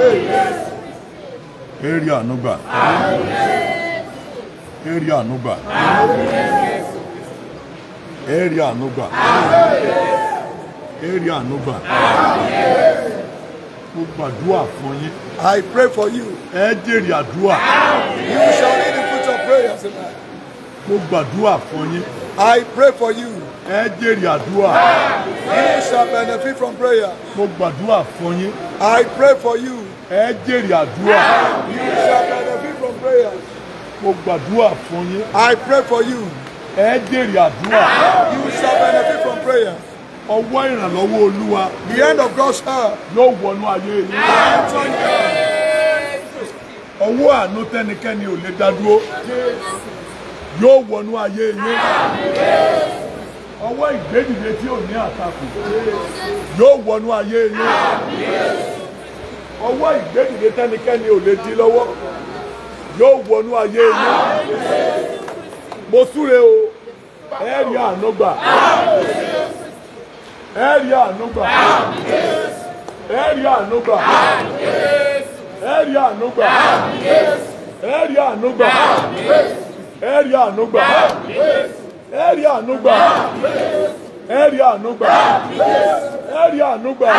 Eri àánú gbà. Eri àánú gbà. Eri àánú gbà. Eri àánú Mo gbàdúrà fún yín. I pray for you. Ẹ jèrè àdúrà. You shall need the fruit of prayer tonight. Mo gbàdúrà fún yín. I pray for you ẹ jèrè àdúrà. you shall benefit from prayer. mo gbàdúrà fún yín. I pray for you. ẹ jèrè àdúrà. you shall benefit from prayer. mo gbàdúrà fún yín. I pray for you. ẹ jèrè àdúrà. you shall benefit from prayer. ọwọ́ ìrànlọ́wọ́ olúwa. the end of God's help. yóò wọnú ayé yín. ọwọ́ àánú tẹ́nikẹ́ni ò lè dá dúró. yóò wọnú ayé yín ọwọ́ ìgbédìde tí ò ní àtakò yóò wọnú ayé yín ọwọ́ ìgbédìde tẹ́nikẹ́ni ò lè di lọ́wọ́ yóò wọnú ayé yín mo súre o ẹ̀rí àánú gbà ẹ̀rí àánú gbà ẹ̀rí àánú gbà ẹ̀rí àánú gbà ẹ̀rí àánú ẹ̀rí àánú ẹ̀rí àánú gbà ẹ̀rí àánú gbà ẹ̀rí àánú gbà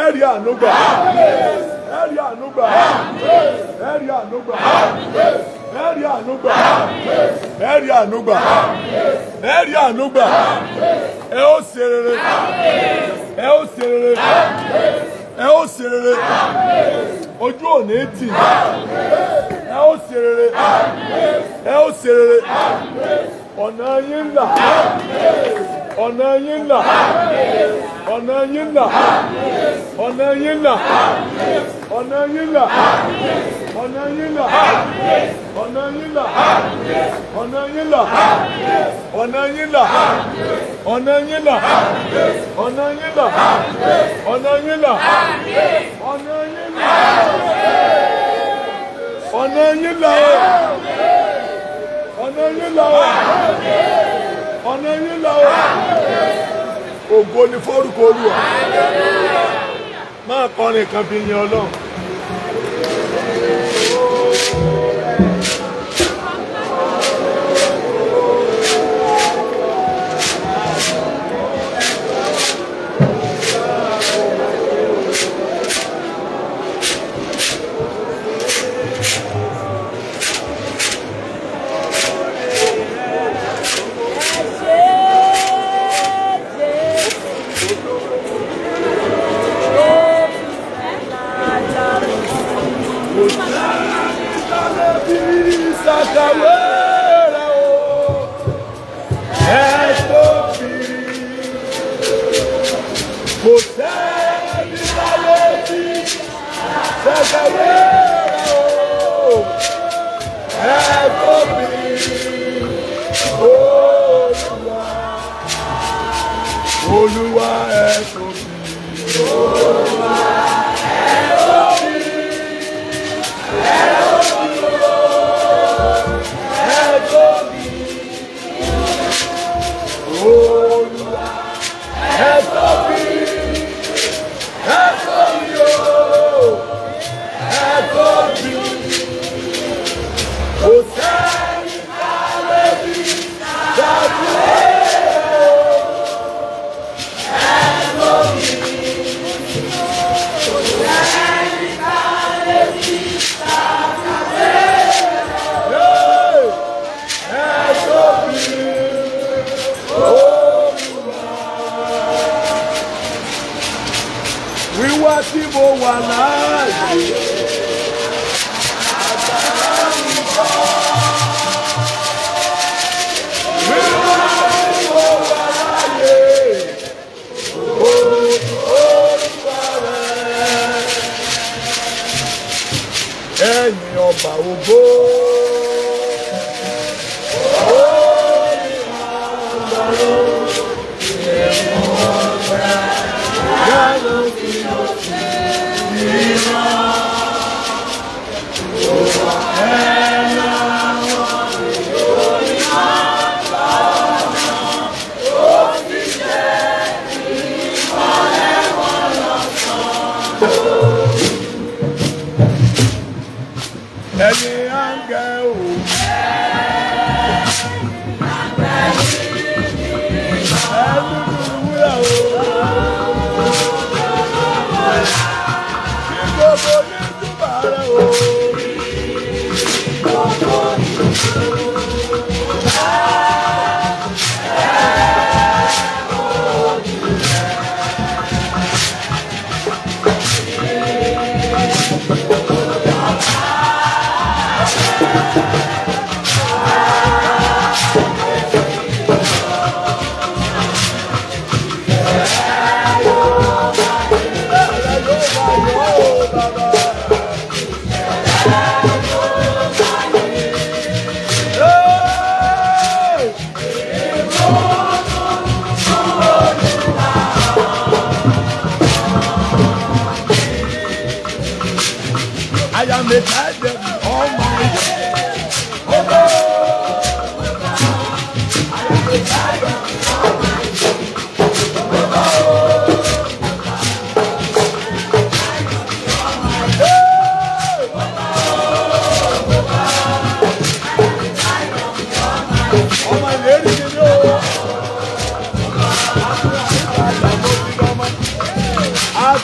ẹ̀rí àánú gbà ẹ̀rí àánú gbà ẹ̀rí àánú gbà ẹ̀rí àánú gbà ẹ̀rí àánú gbà ẹ̀rí àánú gbà ẹ ó ṣe rere ó ṣe rere ó ṣe ojú ò ní tì ó ṣe rere ó ṣe ọ̀nà yín là ọ̀nà yín là ọ̀nà yín là ọ̀nà yín là ọ̀nà yín là ọ̀nà yín là ọ̀nà yín là ọ̀nà yín là ọ̀nà yín là ọ̀nà yín là ọ̀nà yín là ọ̀nà yín là ọ̀nà yín là ọ̀nà yín là yín lọ wà ọ̀nà yín lọ wà ògo ni fórúkọ Olúwa máa kọrin kan fi yin Ọlọ́run.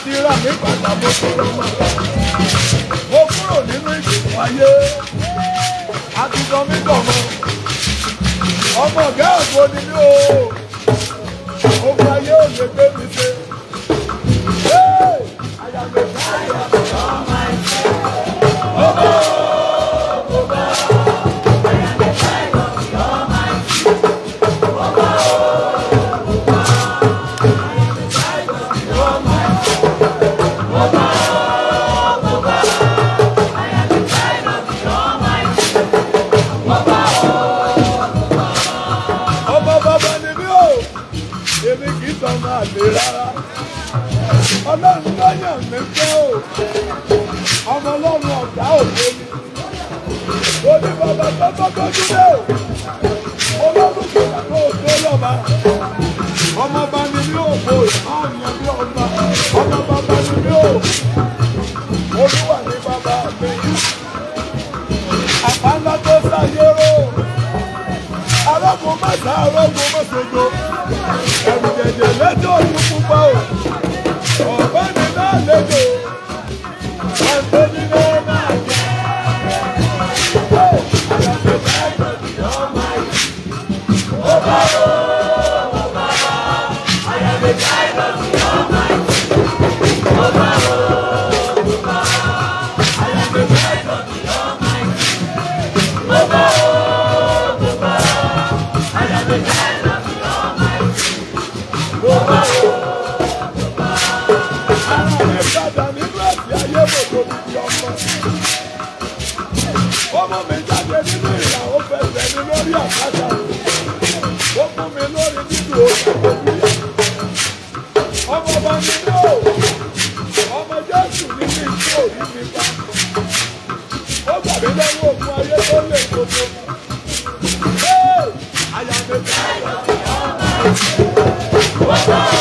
ti rà mí padà mo tó ló máa mo kúrò nínú ìṣòro ayé a ti sọ mí dọ̀mọ́ ọmọ ọ̀gá àgbo ni mí o ògùn ayé ò lè gbé mi ṣe. ọba gbọ́gbọ́ tó dúró olórúkọ ìyàtọ̀ òkú ọlọ́ba ọmọọba mi ní òkú ìyàn bí ọba ọmọọba bá mi ní òkú olúwa ní bàbá mi àpáńlá tó sáyé ró arógun mọ́sá arógun mọ́sọ̀gbọ́ ẹ̀rù jẹ̀jẹ̀ lẹ́jọ́ òkú pupa o ọ̀gbẹ́ni náà lẹ́jọ́ o. nínú ìlà ó fẹsẹ̀ mi lórí àpáta ó fún mi lórí dídùn òkè ọmọ bá mi lò ọmọ jésù mi tí ò rí mi pa ó gbà mí lọ́wọ́ òkun ayé tó lè gbogbo àyà mi ká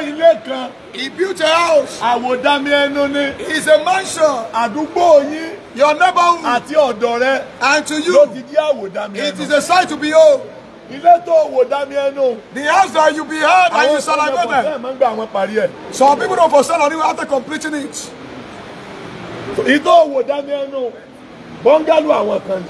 ilé kan. He built a house. Àwòdámi ẹnu ni. He is a mansion. Àdúgbò yín. Your neighborhood. Àti ọ̀dọ̀ rẹ. And to you. Ló ti di àwòdámi ẹnu. It is a sign to behold. Ilé tó àwòdámi ẹnu. The house that you beheld and you celebrated. Àwọn ènìyàn kò sẹ́yìn máa ń gba àwọn parí ẹ̀. Some people don't for sale on it after completing it. Ìtọ́ àwòdámi ẹnu. Bọ́ngálò àwọn kan.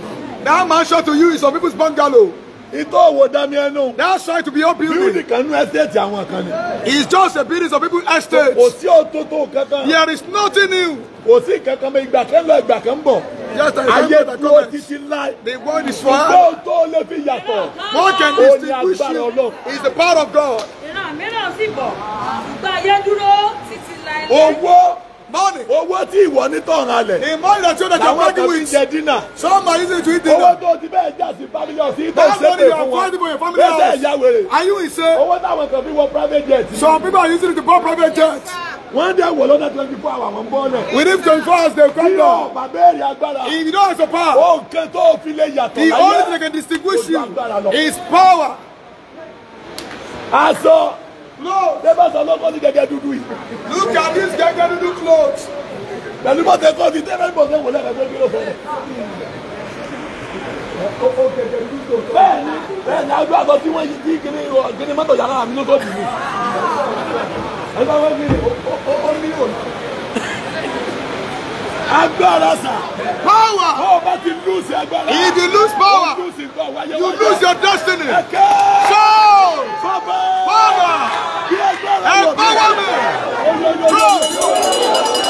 That mansion to you is some people's bungalow. Ito wo dami ẹnu. That's why to be your building. Building kan nu estate àwọn kan ni. It's just a building of people estate. Kò sí òtótó kankan. There is nothing new. Kò sí kankan mọ ìgbà kan lọ ìgbà kan bọ̀. Yes, I remember the comment. Ayé tó títí láì. The word is far. Ìgbó tó lè fi yàtọ̀. What can distinguish you is the power of God. Ìran mìíràn sì bọ̀. Ìgbà dúró títí láì. Owó morning. owó tí ìwọ ní tọ̀ràn alẹ̀. the money that you that you are working with. some are using to eat dinner. owó tó ti bẹ́ẹ̀ jà sí family of sí tó ṣe pé fún wọn. bẹ́ẹ̀ bẹ́ẹ̀ ya wèrè. are you insane. owó táwọn kan fi wọ private jet. some people are using to buy private jet. wọ́n dẹ̀ wọ̀ lọ́dọ̀ twenty four hours wọ́n bọ́ náà. within twenty four hours they come down. yíyọ bàbẹ́ẹ̀rì agbára. if you don't have the power. o kẹ́ tó fi lè yàtọ̀ the only thing that can distinguish you is power. aṣọ clothes. bébà sọ lọ́kọ́ ní gẹ́gẹ́ dúdú yìí. look at this gẹ́gẹ́ dúdú clothes. pẹ̀lú bọ́tẹ kọ́ ti tẹ́lẹ̀ bọ́tẹ wò lẹ́ka tó kíló fẹ́rẹ̀. bẹ́ẹ̀ni bẹ́ẹ̀ni adó àgọ́ tí wọ́n yí tí kiri kiri mọ́tò yàrá mi ló tó dì mí. ẹ agbára sà. power. ó bá ti lose agbára. if you lose power. you lose your destiny. So, power. power. bí agbára lọ bí agbára. empowerment. trust.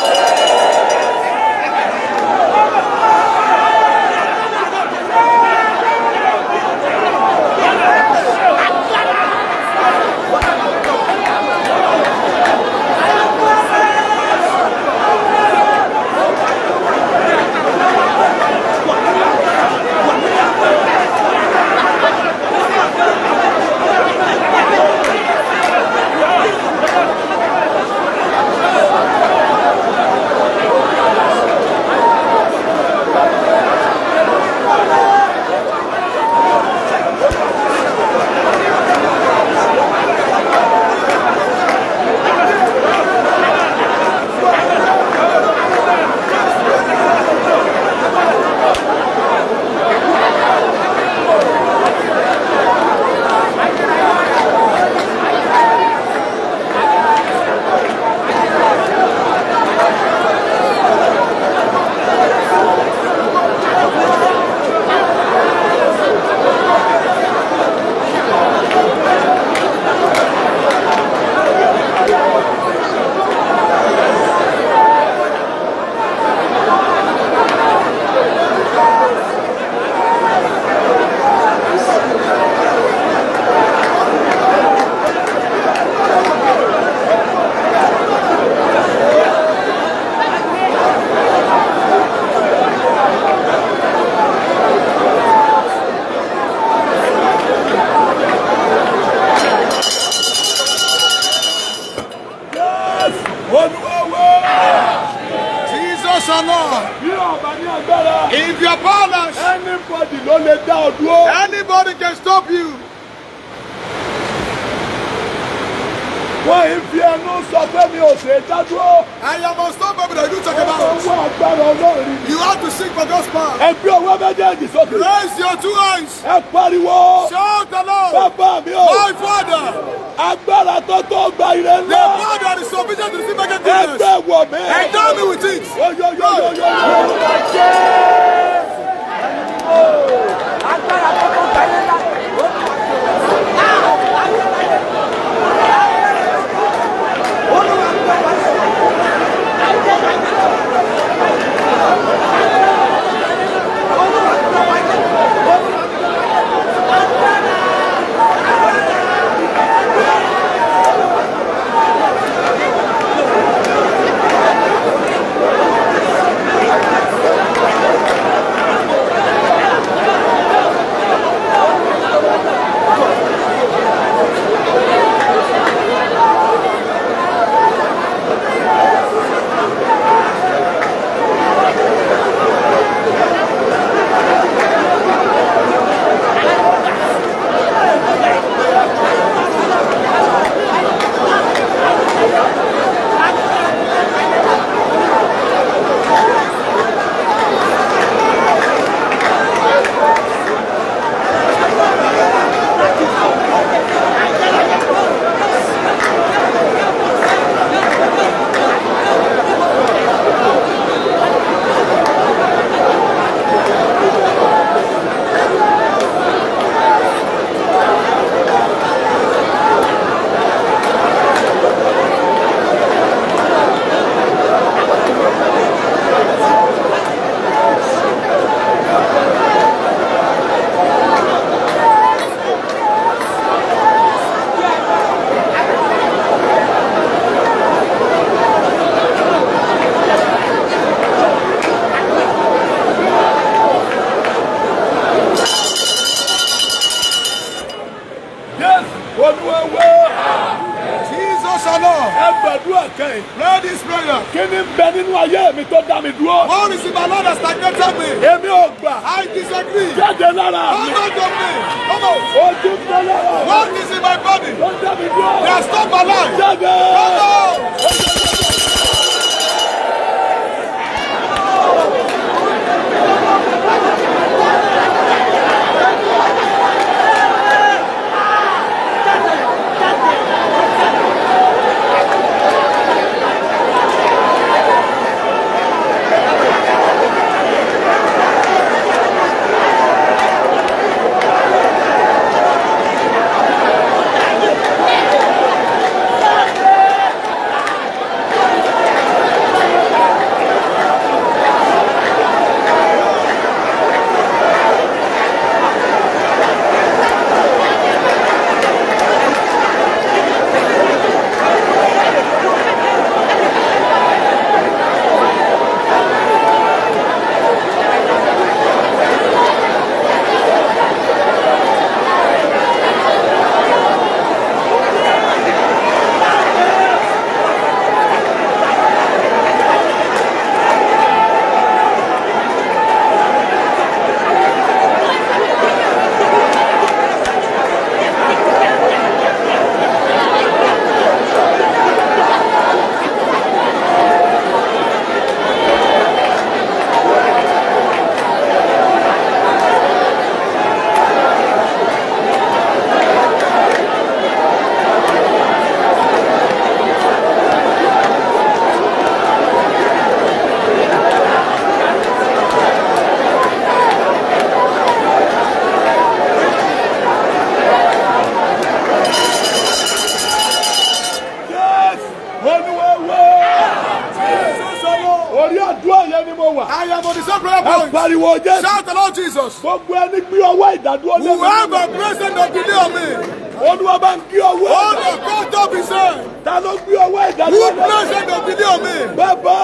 wickedness. Every woman. Endow me with it. Yo, yo, yo, yo, yo, yo. jáde lára mi ojú tó lára mi wọ́n ti sin my body they are stop my life jáde. Jesus. Gbogbo ẹni gbé ọwọ́ ìdádúró lé mi. Whoever present of the day of me. Olúwa bá ń gbé ọwọ́. Hold the court of Ta ló gbé ọwọ́ ìdádúró lé Who present of the day of me. Bàbá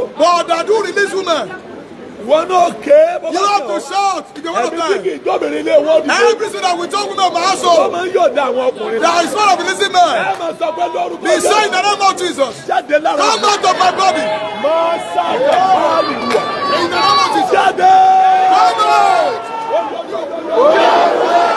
o. but that do release women. Wọ́n náà ké. You have to shout if you want to die. Ẹni tí kì ilé wọn dìde. Every person that we talk with, ma so. Wọ́n máa ń yọ̀dá àwọn ọkùnrin. There is one of the listening men. Ẹ máa sọ pé lórúkọ yẹn. He said in the name of Jesus. Jáde lára. Come out of my body. Máa sábà báàlì wà. In the name of Jesus. Jáde. Come out. Jáde.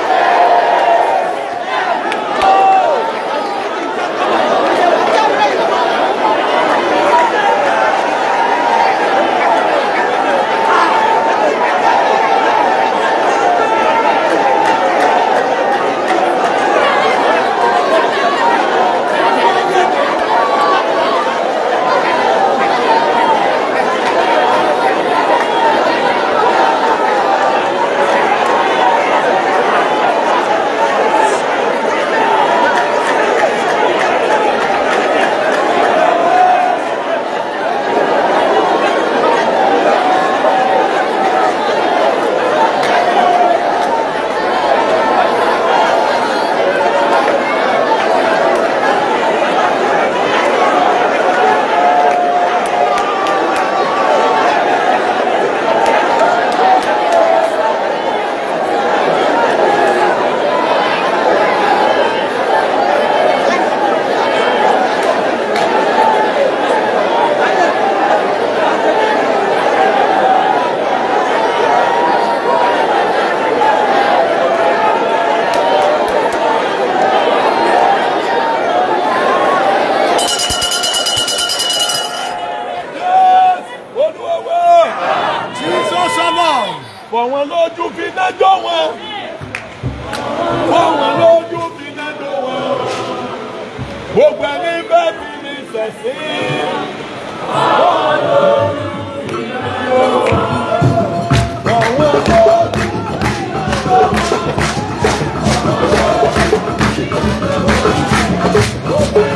オープン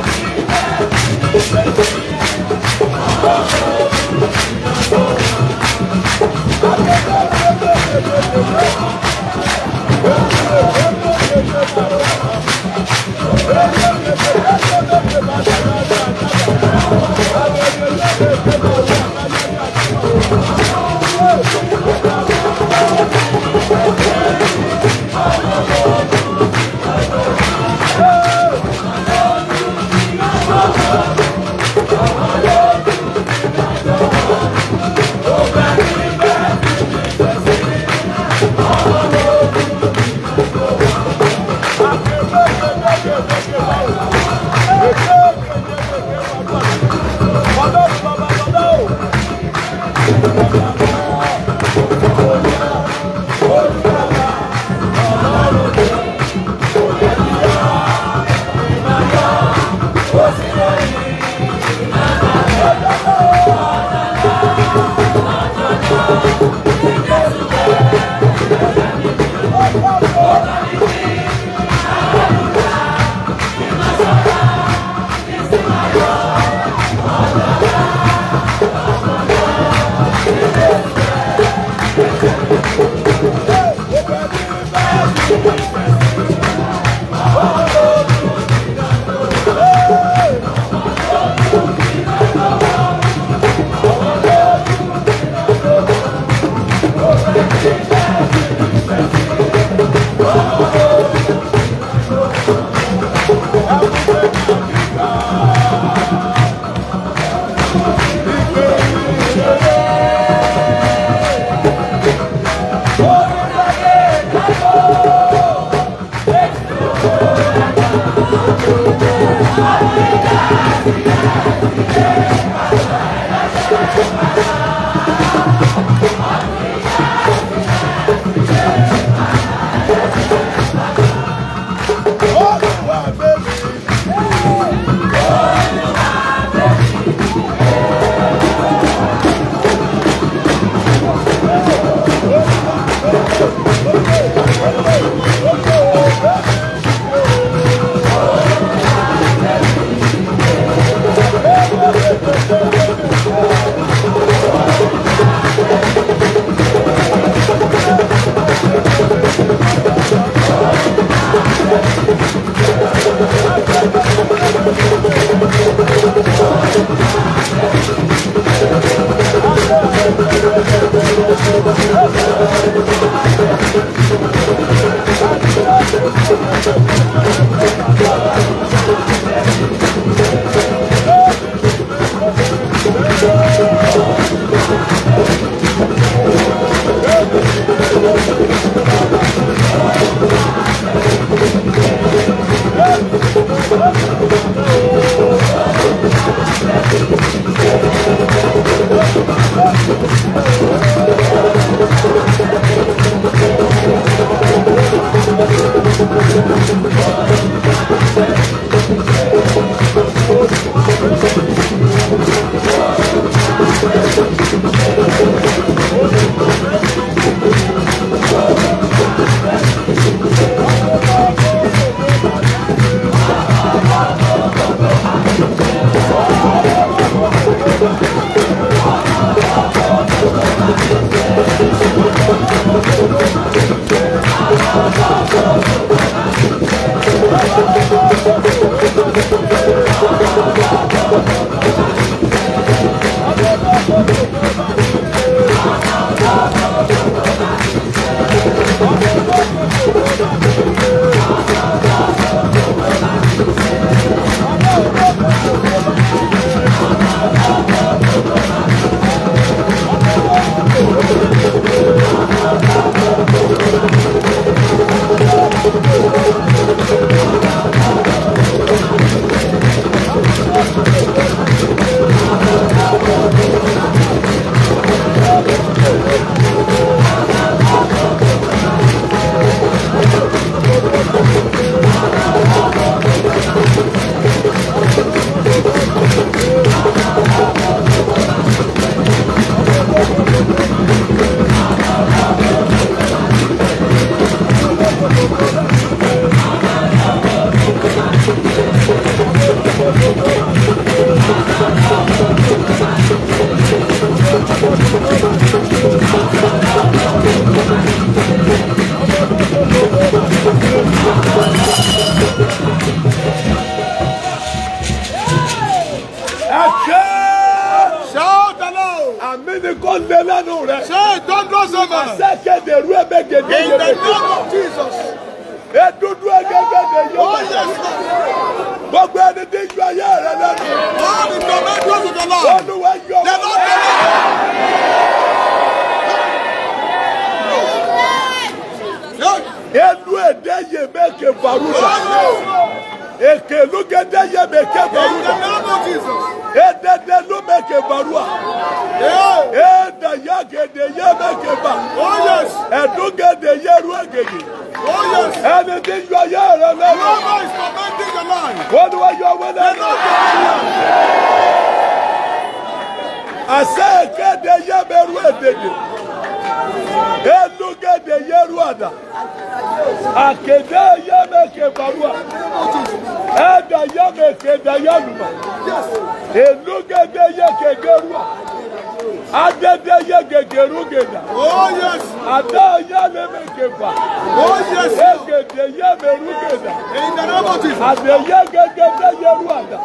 Abeye gegede yeru ada.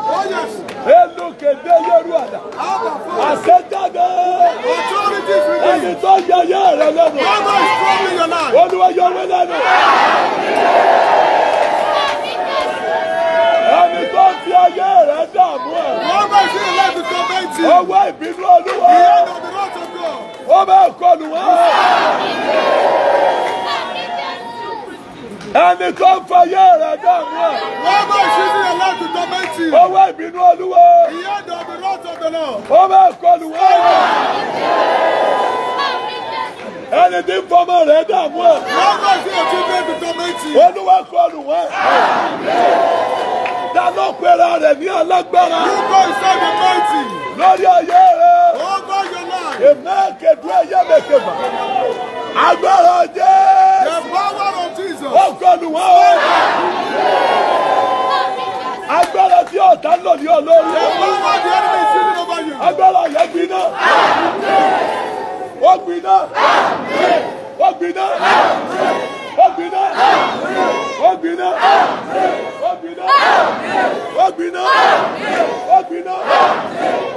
Elu kede yeru ada. Àṣejáde. Ẹni tó yẹyẹ rẹ lẹ́nu. Olúwa yọ wí lẹ́nu. Ẹni tó fi ayé rẹ dààmú ẹ̀. Owó ìbínú Olúwa. Ó bẹ́ẹ̀ kọlù wá ẹnìkan fàyè rẹ̀ dààmú ẹ̀. wọ́n bá ṣíṣí rẹ̀ láti tọ́mẹ́tì. owó to olúwa. ìyá ọ̀dọ̀ mi lọ́sọ̀ mi náà. ó máa kọlù wọ́n. ẹni tí ń fọmọ Oh dààmú ẹ̀. wọ́n bá ṣe ètí bébí tọ́mẹ́tì. olúwa kọlù wọ́n. dáná pera rẹ̀ ní alágbára. lórúkọ ìsọ̀rọ̀ mẹ́tì. lórí ayé rẹ̀. ó bá yọ náà. èmi kẹdùn ẹyẹ mẹkẹfà. agbára jẹ́. the power of ògo ni wọ́n o. agbára tí ọ̀tá lò ní olórí. agbára yẹn gbiná. ó gbiná. ó gbiná. ó gbiná. ó gbiná. ó gbiná. ó gbiná. ó gbiná.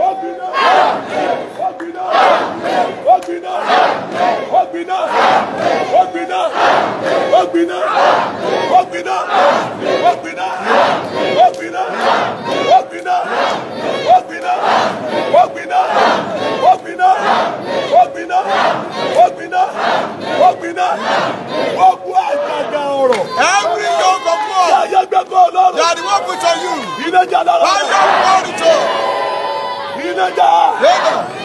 ó gbiná ó gbiná ó gbiná ó gbiná ó gbiná ó gbiná ó gbiná ó gbiná ó gbiná ó gbiná ó gbiná ó gbiná ó gbiná ó gbiná ó gbiná ó bu àjàgà ọ̀rọ̀. every yoke of war. yàyà gbẹ̀gbẹ̀ ọlọ́run. yàrá wọ́n put on you. iná jà lára. báyọ̀ wọ́n rí tó. iná jà. labour.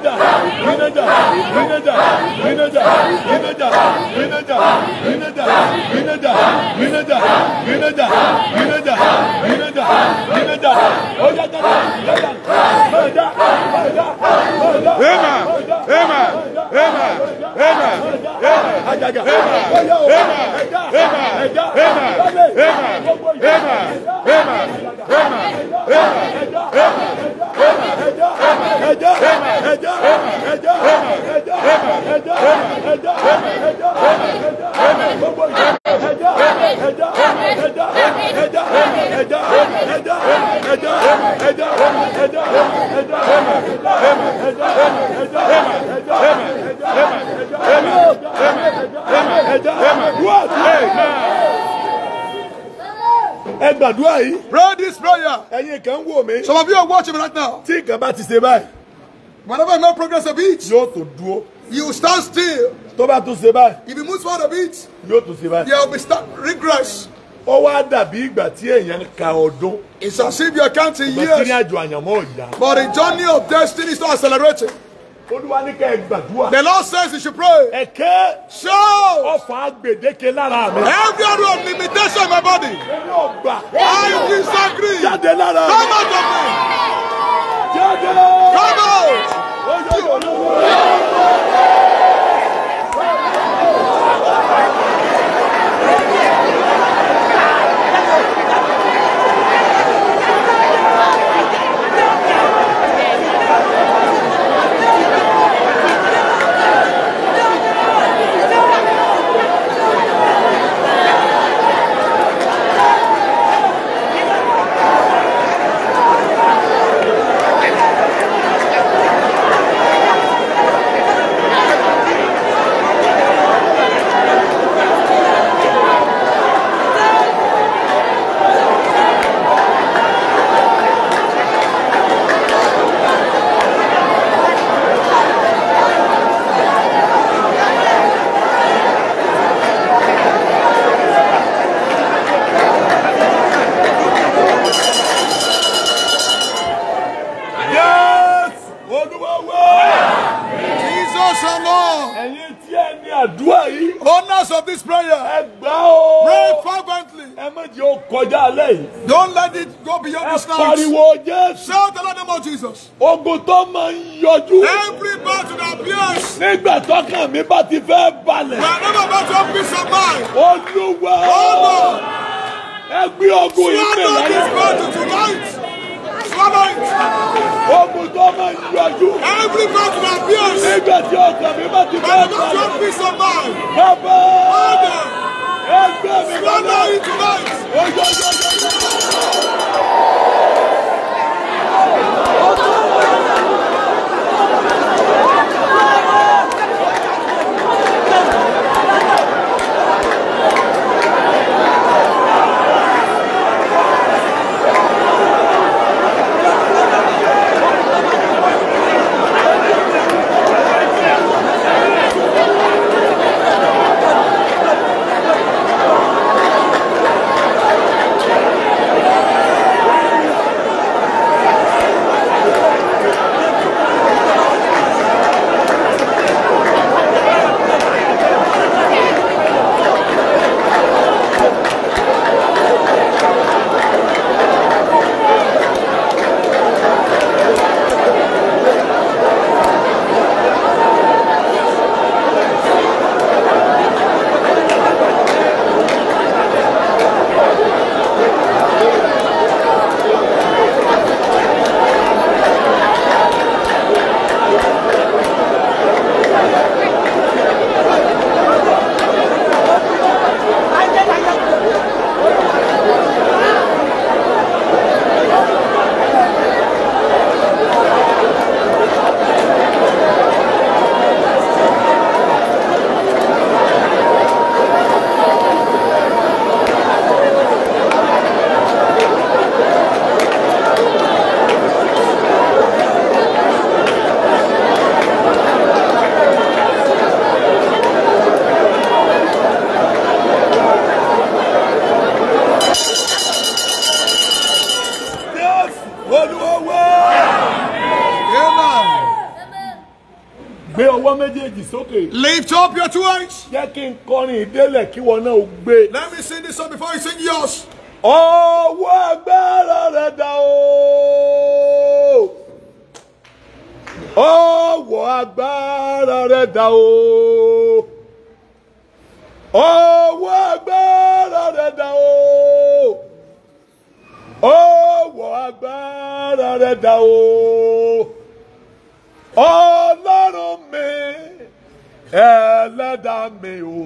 Rinaja, Rinaja, Rinaja, Rinaja, Rinaja, Rinaja, Rinaja, Rinaja, Rinaja, Rinaja, Rinaja, Rinaja, Oya Jada, Jada, Oya, Oya, Oya, Ema, Ema, Ema, Ema, Ema, Ajaga, Ema, Ema, Ema, Ema, Ema, Ema, Ema, Ema, Ema, Ema, Ema, Ema, ẹjọ́ ẹjọ́ ẹjọ́ ẹjọ́ ẹjọ́ ẹjọ́ ẹjọ́ ẹjọ́ gbogbo ìjọ ẹjọ́ ẹjọ́ ẹjọ́ ẹjọ́ ẹjọ́ ẹjọ́ ẹjọ́ ẹjọ́ ẹjọ́ ẹjọ́ ẹ gbàdúrà yìí. pray this prayer. ẹ̀yin kan wò mí. some of you are watching me right now. tí nǹkan bá ti ṣe báyìí whenever you no progress a bit. yóò tó dúró. you stand still. tó bá tún ṣe báyìí. if you move forward a bit. yóò tún ṣe báyìí. there will be start regress. ó wá dàbí ìgbà tí èèyàn ka ọdún. it's as if you are counting years. ìgbà tí ní àyànmọ́ ọ̀yà. but the journey of destiny is not accelerating. The Lord says you should pray. Shout. Every other limitation in my body. Èmi ò I disagree. Come out of me. Come on! lift up your two hands. jẹ́ kí n kọrin ìdélẹ̀ kí wọn náà gbé. let me sing this song before you sing yours. ọwọ́ agbára rẹ̀ dà o. ọwọ́ agbára rẹ̀ dà o. ọwọ́ agbára rẹ̀ dà o. ọwọ́ agbára rẹ̀ dà o. ẹlẹ́dàá mi o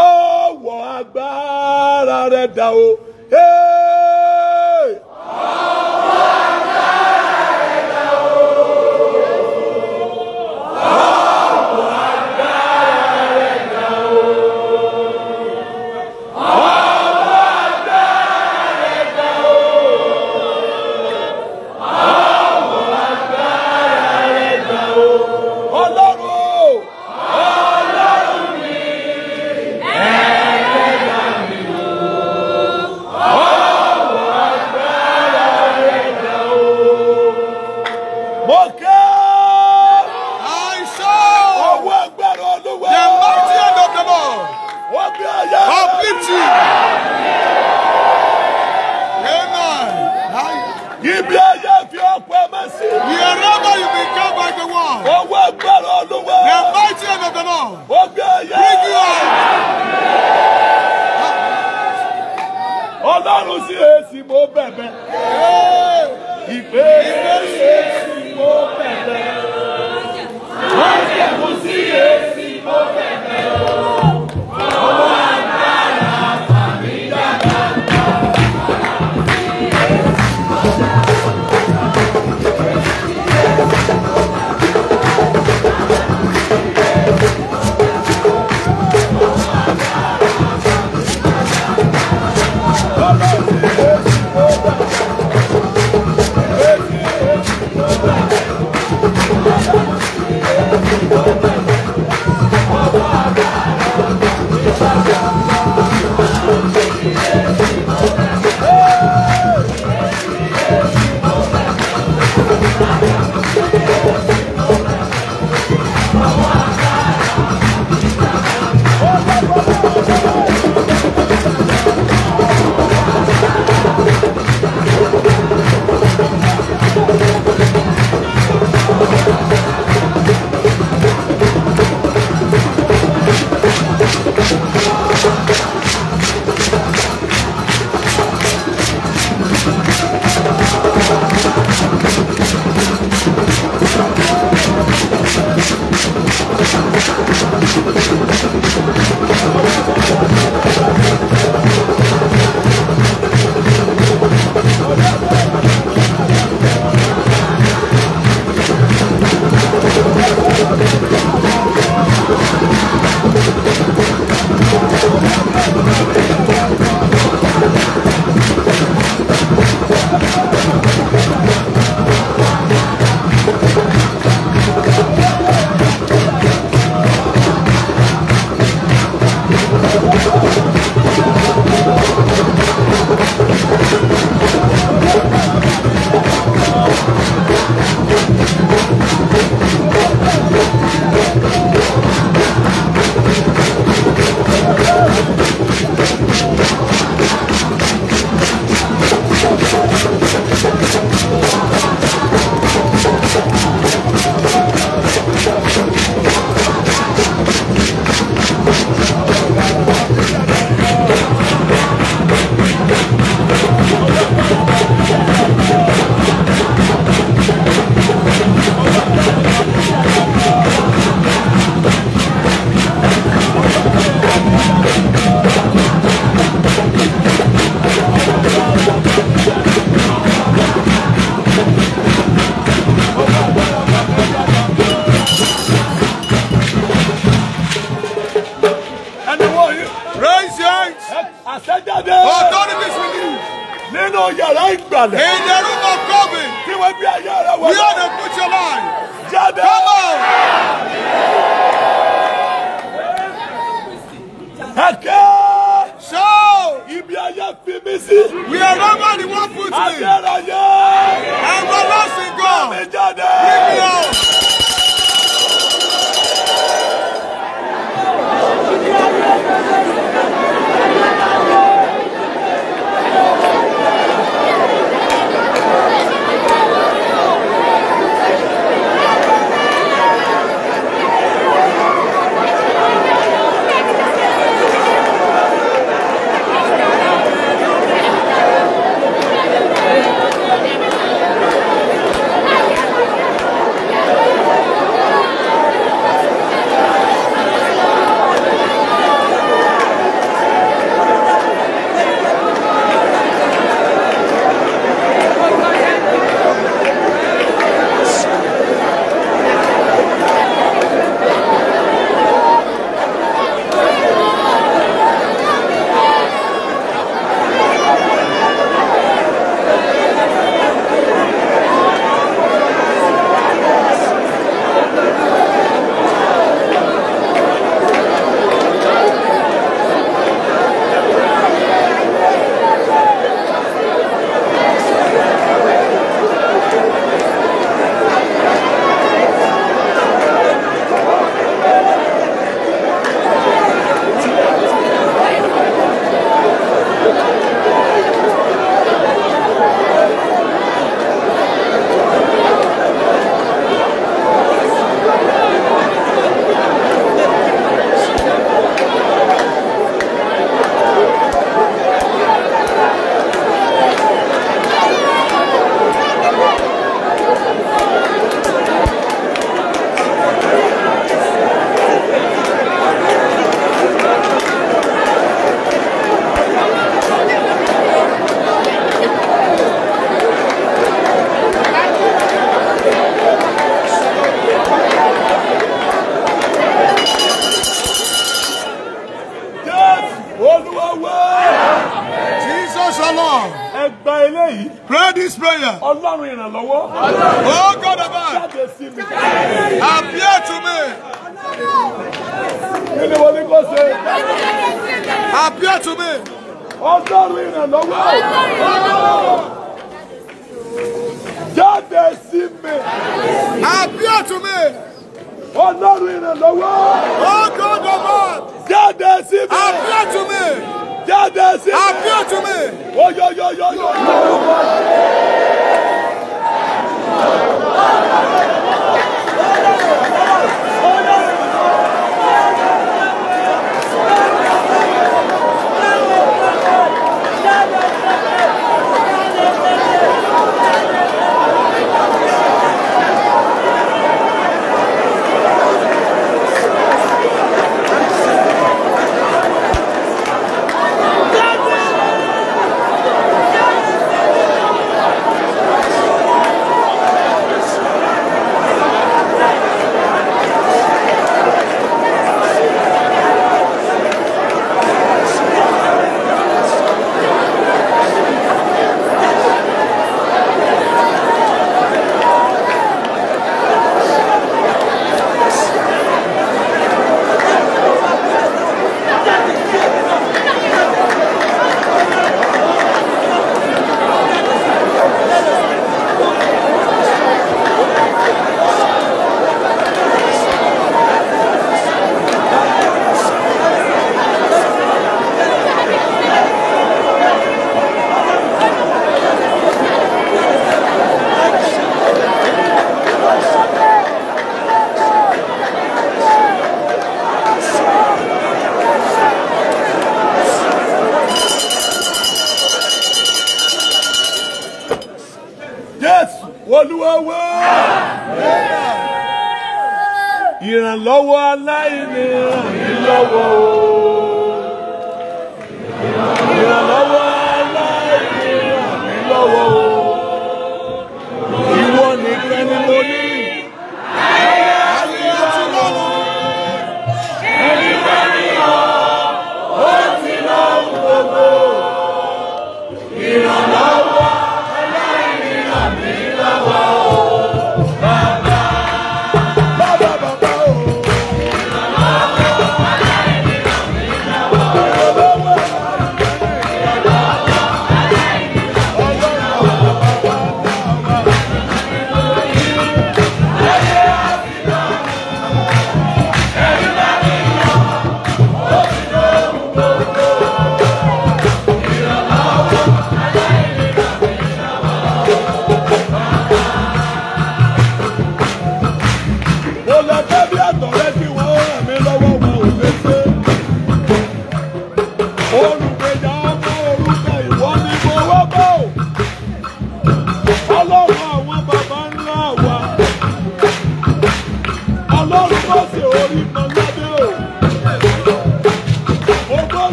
ọwọ́ agbára rẹ dá o. uplifting. Amen. Ibi ayé fi ọ̀pọ̀ ẹ̀mẹ́ sí. Wherever you be come by the world. Owó agbára olúwa. The mighty hand of the Lord. Ó gbé ayé. Bring you out. Ọlọ́run sí èsì mo bẹ̀bẹ̀. Ìgbé èsì.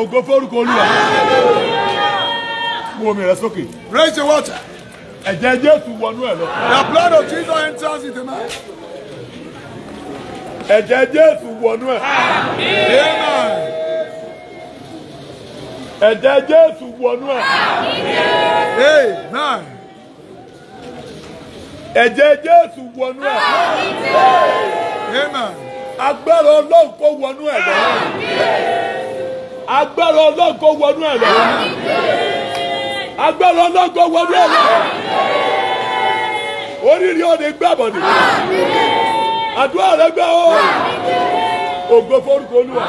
ògo forúkọ olúwa mú omi rẹ sókè. raise the water. ẹ̀jẹ̀ jésù wọnú ẹ̀ lọ. the blood of Jesus enters into man. ẹ̀jẹ̀ jésù wọnú ẹ̀. amen. ẹ̀jẹ̀ jésù wọnú ẹ̀. amen. ẹ̀jẹ̀ jésù wọnú ẹ̀. amen. agbára ọlọ́run kó wọnú ẹ̀ lọ. amen agbára ọlọ́run kó wọnú ẹ̀ lọ agbára ọlọ́run kó wọnú ẹ̀ lọ oríire òde gbàbọ̀ ni àdúrà rẹ gbà ó ògbó forúkọ olúwa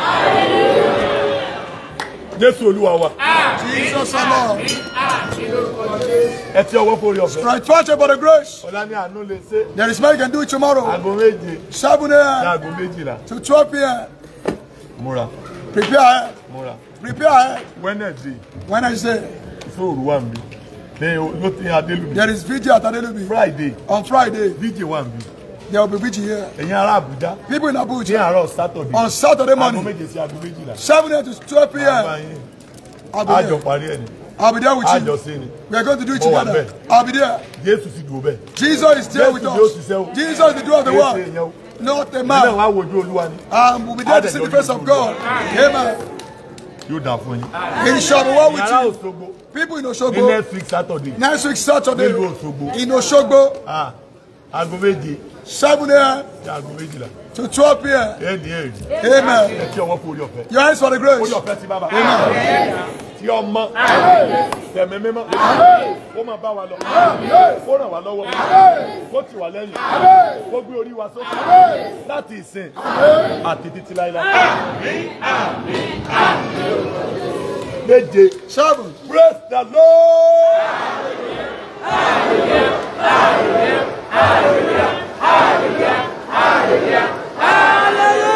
jésù olúwa wa. jesus ọmọ. ẹ ti ọwọ́ fún orí ọ̀fẹ́. strike twice by the grace. ọ̀la ni àánú lè ṣe. there is nothing you can do tomorrow. aago méje. seven a.m. ní aago méjìlá. to twelve p.m. múra prepare Mora. prepare wednesday wednesday ìfòòrò wà mí lẹ́yìn ló ti adélubi there is vigil at adelubi friday on friday vigil one. mí there will be vigil here ẹ̀yin ará abuja people in abuja ní àárọ̀ saturday on saturday morning aago méje sí aago méjìlá seven to twelve pm àjọ parí ẹ̀ ni I'll be there with you. We are going to do it together. I'll be there. Jesus is there with us. Jesus is the door of the world. No temor. Ilé wa wojú Olúwa ni. And ah, we will be there to see the face of God. Amen. Yóò dà fún yín. In Ṣọ̀rọ̀ wá with you. People in Osogbo. Ní next week Saturday. Next week Saturday. Nílùú Osogbo. In Osogbo. Ah, aago méje. Seven a.m. Aago méjìlá. To twelve p.m. Ẹ ní èrè. Amen. Ẹ kí ọwọ́ fún orí ọ̀fẹ́. Your eyes for the grace. Orí ọ̀fẹ́ ti bàbá. Amen. Amen ti ọmọ tẹ̀mí mímọ́ kó máa bá wa lọ kó ràn wá lọ́wọ́ kó tì wá lẹ́yìn kó gbé orí wa sókè láti ìsìn àti títí láéláé. méje seven praise the Lord.